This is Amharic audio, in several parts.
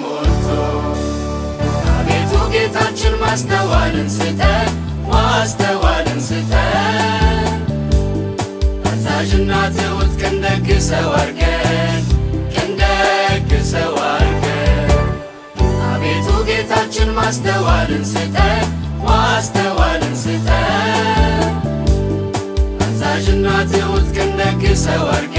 ሞቶ አቤቱ ጌታችን ማስተዋልን ስጠን፣ ማስተዋልን ስጠን። አዛዥና ትሁት ቅን ደግ ሰው አድርገን፣ ቅን ደግ ሰው አድርገን። አቤቱ ጌታችን ማስተዋልን ስጠን፣ ማስተዋልን ስጠን። አዛዥና ትሁት ቅን ሰው አድርገን ቅን ሰው አድርገን አቤቱ ጌታችን ማስተዋልን ስጠን ማስተዋልን ስጠን አዛዥና ትሁት ቅን ሰው አድርገን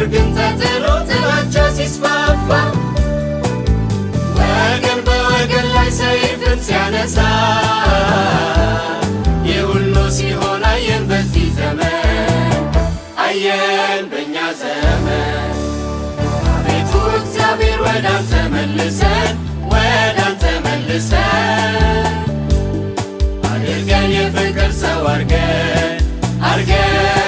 ፍቅር ግን ተጥሎ ጥላቻ ሲስፋፋ ወገን በወገን ላይ ሰይፍን ሲያነሳ ይህ ሁሉ ሲሆን አየን በዚህ ዘመን አየን በእኛ ዘመን አቤቱ እግዚአብሔር ወደ አንተ መልሰን ወደ አንተ መልሰን አድርገን የፍቅር ሰው አድርገን አድርገን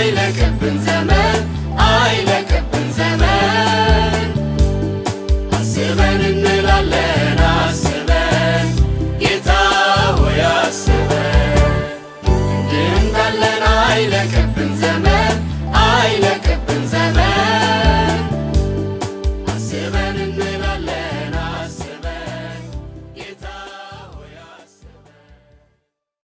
عائلك من زمان عائلك من زمان عالسبان النلالين عالسبان يتاهو يا السبان دين دلن عائلك من زمان عائلك